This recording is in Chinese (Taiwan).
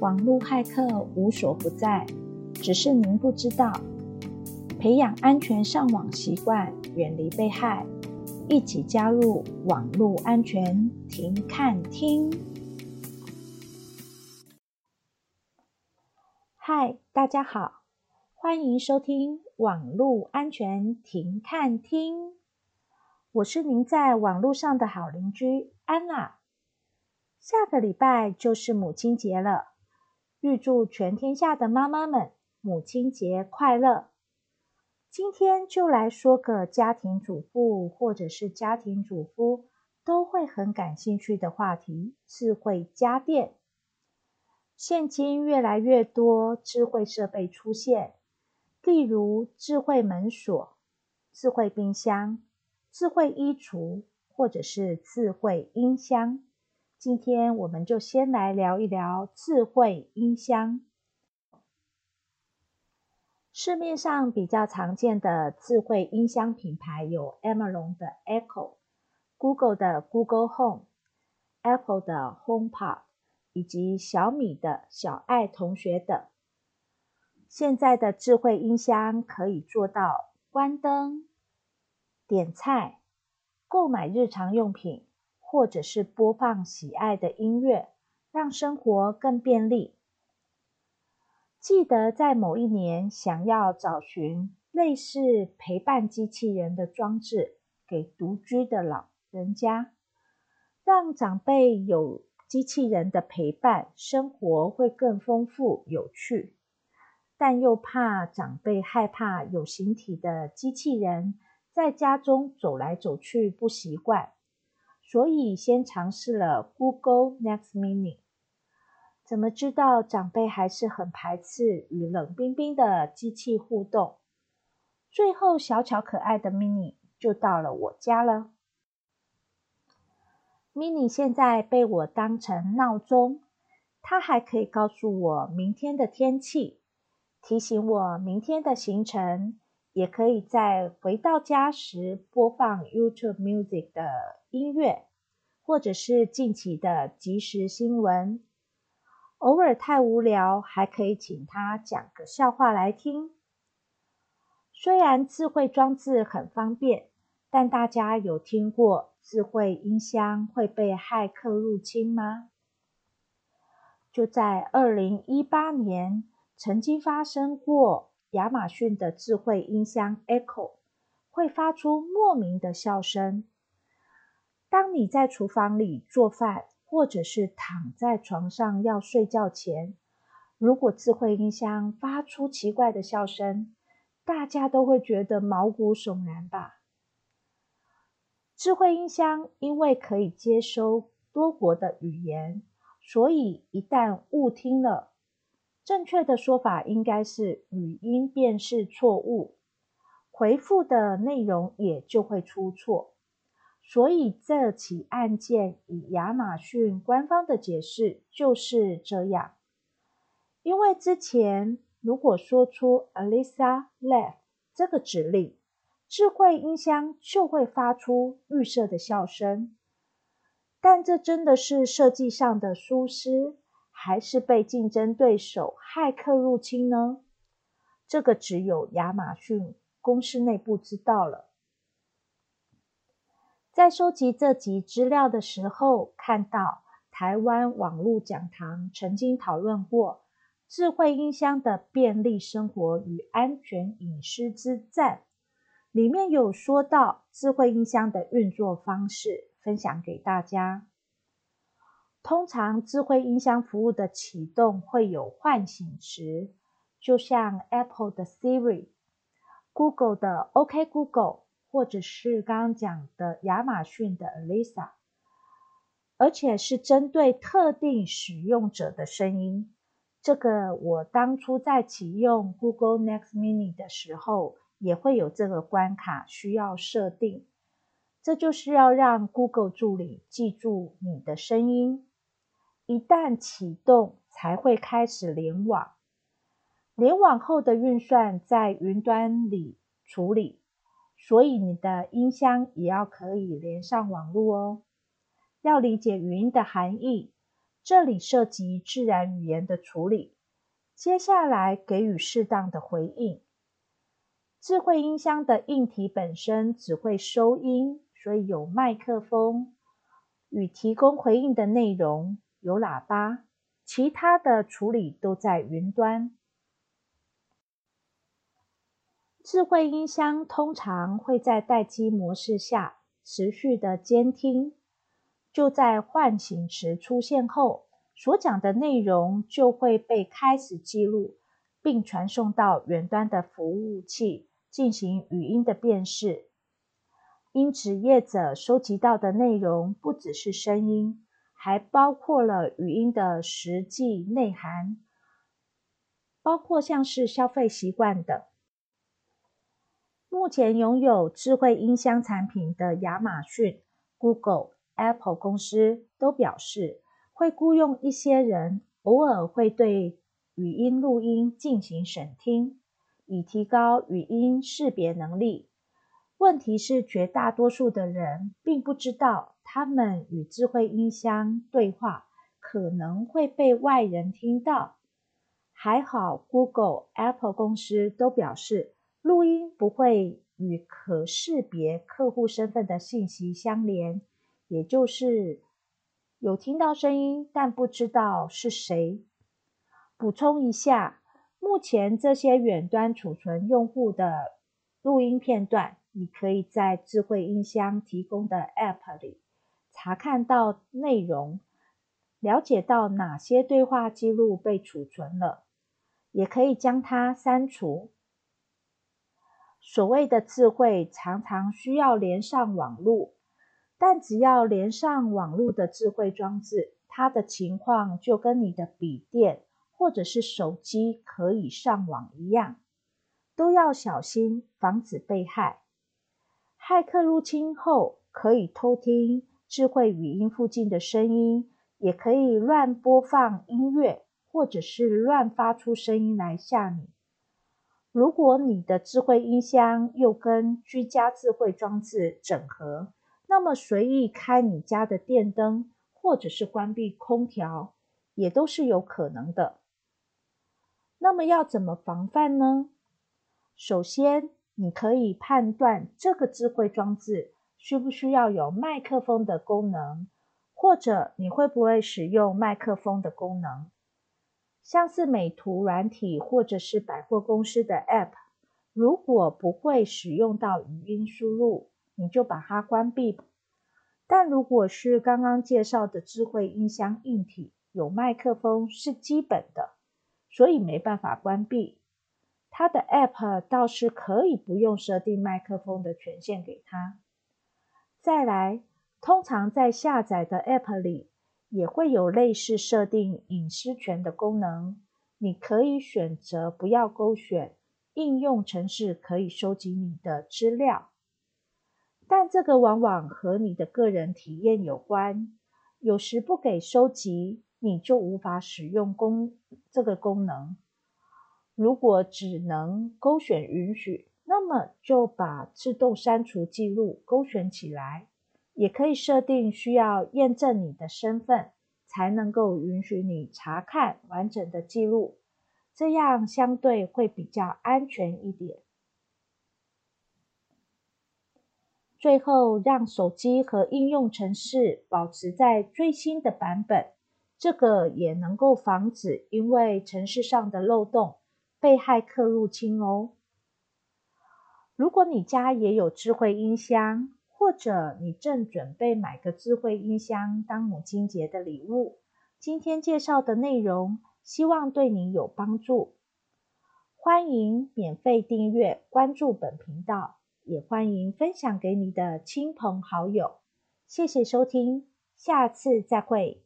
網絡駭客無所不在，只是您不知道。培養安全上網習慣，遠離被害，一起加入網絡安全停看廳。嗨，Hi, 大家好，歡迎收聽網絡安全停看廳。我是您在網絡上的好鄰居，安娜。下個禮拜就是母親節了。預祝全天下的媽媽們母親節快樂！今天就來說個家庭主婦或者是家庭主夫都會很感興趣的話題——智慧家電。現今越來越多智慧設備出現，例如智慧門鎖、智慧冰箱、智慧衣櫥，或者是智慧音箱。今天我們就先來聊一聊智慧音箱。市面上比較常見的智慧音箱品牌有 Amazon 的 Echo、Google 的 Google Home、Apple 的 HomePod，以及小米的小愛同學等。現在的智慧音箱可以做到關燈、點菜、購買日常用品。或者是播放喜愛的音樂，讓生活更便利。記得在某一年，想要找尋類似陪伴機器人的裝置，給獨居的老人家，讓長輩有機器人的陪伴，生活會更豐富有趣。但又怕長輩害怕有形體的機器人在家中走來走去不習慣。所以先嘗試了 Google Nest Mini，怎麼知道長輩還是很排斥與冷冰冰的機器互動？最後小巧可愛的 Mini 就到了我家了。Mini 現在被我當成鬧鐘，它還可以告訴我明天的天氣，提醒我明天的行程，也可以在回到家時播放 YouTube Music 的。音樂，或者是近期的即時新聞。偶爾太無聊，還可以請他講個笑話來聽。雖然智慧裝置很方便，但大家有聽過智慧音箱會被駭客入侵嗎？就在二零一八年，曾經發生過亞馬遜的智慧音箱 Echo，會發出莫名的笑聲。當你在廚房裡做飯，或者是躺在床上要睡覺前，如果智慧音箱發出奇怪的笑聲，大家都會覺得毛骨悚然吧？智慧音箱因為可以接收多國的語言，所以一旦誤聽了，正確的說法應該是語音辨識錯誤，回復的內容也就會出錯。所以，這起案件以亞馬遜官方的解釋就是這樣。因為之前如果說出 “Alisa left” 這個指令，智慧音箱就會發出綠色的笑聲。但這真的是設計上的疏失，還是被競爭對手駭客入侵呢？這個只有亞馬遜公司內部知道了。在收集這集資料的時候，看到台灣網路講堂曾經討論過智慧音箱的便利生活與安全隱私之戰，裡面有說到智慧音箱的運作方式，分享給大家。通常智慧音箱服務的啟動會有喚醒詞，就像 Apple 的 Siri、Google 的 OK Google。或者是剛剛講的亞馬遜的 Alexa，而且是針對特定使用者的聲音。這個我當初在啟用 Google Nest Mini 的時候，也會有這個關卡需要設定。這就是要讓 Google 助理記住你的聲音，一旦啟動才會開始聯網，聯網後的運算在雲端裡處理。所以你的音箱也要可以連上網路哦。要理解語音的含義，這裡涉及自然語言的處理，接下來給予適當的回應。智慧音箱的硬體本身只會收音，所以有麥克風與提供回應的內容有喇叭，其他的處理都在雲端。智慧音箱通常會在待機模式下持續的監聽，就在喚醒詞出現後，所講的內容就會被開始記錄，並傳送到遠端的服務器進行語音的辨識。因此，業者收集到的內容不只是聲音，還包括了語音的實際內涵，包括像是消費習慣等。目前擁有智慧音箱產品的亞馬遜、Google、Apple 公司都表示，會雇傭一些人，偶爾會對語音錄音進行審聽，以提高語音識別能力。問題是，絕大多數的人並不知道，他們與智慧音箱對話可能會被外人聽到。還好，Google、Apple 公司都表示，錄音不會與可識別客戶身份的信息相連，也就是有聽到聲音，但不知道是誰。補充一下，目前這些遠端儲存用戶的錄音片段，你可以在智慧音箱提供的 App 裡查看到內容，了解到哪些對話記錄被儲存了，也可以將它刪除。所謂的智慧常常需要連上網路，但只要連上網路的智慧裝置，它的情況就跟你的筆電或者是手機可以上網一樣，都要小心防止被駭。駭客入侵後，可以偷聽智慧語音附近的聲音，也可以亂播放音樂，或者是亂發出聲音來嚇你。如果你的智慧音箱又跟居家智慧裝置整合，那麼隨意開你家的電燈或者是關閉空調，也都是有可能的。那麼要怎麼防範呢？首先，你可以判斷這個智慧裝置需不需要有麥克風的功能，或者你會不會使用麥克風的功能。像是美圖軟體或者是百貨公司的 App，如果不會使用到語音輸入，你就把它關閉。但如果是剛剛介紹的智慧音箱硬體，有麥克風是基本的，所以沒辦法關閉。它的 App 倒是可以不用設定麥克風的權限給它。再來，通常在下載的 App 裡，也會有類似設定隱私權的功能，你可以選擇不要勾選，應用程式可以收集你的資料。但這個往往和你的個人體驗有關。有時不給收集，你就無法使用功這個功能。如果只能勾選允許，那麼就把自動刪除記錄勾選起來。也可以設定需要驗證你的身份，才能夠允許你查看完整的記錄，這樣相對會比較安全一點。最後，讓手機和應用程式保持在最新的版本，這個也能夠防止因為程式上的漏洞被駭客入侵哦。如果你家也有智慧音箱，或者你正準備買個智慧音箱當母親節的禮物，今天介紹的內容希望對你有幫助。歡迎免費訂閱、關注本頻道，也歡迎分享給你的親朋好友。謝謝收聽，下次再會。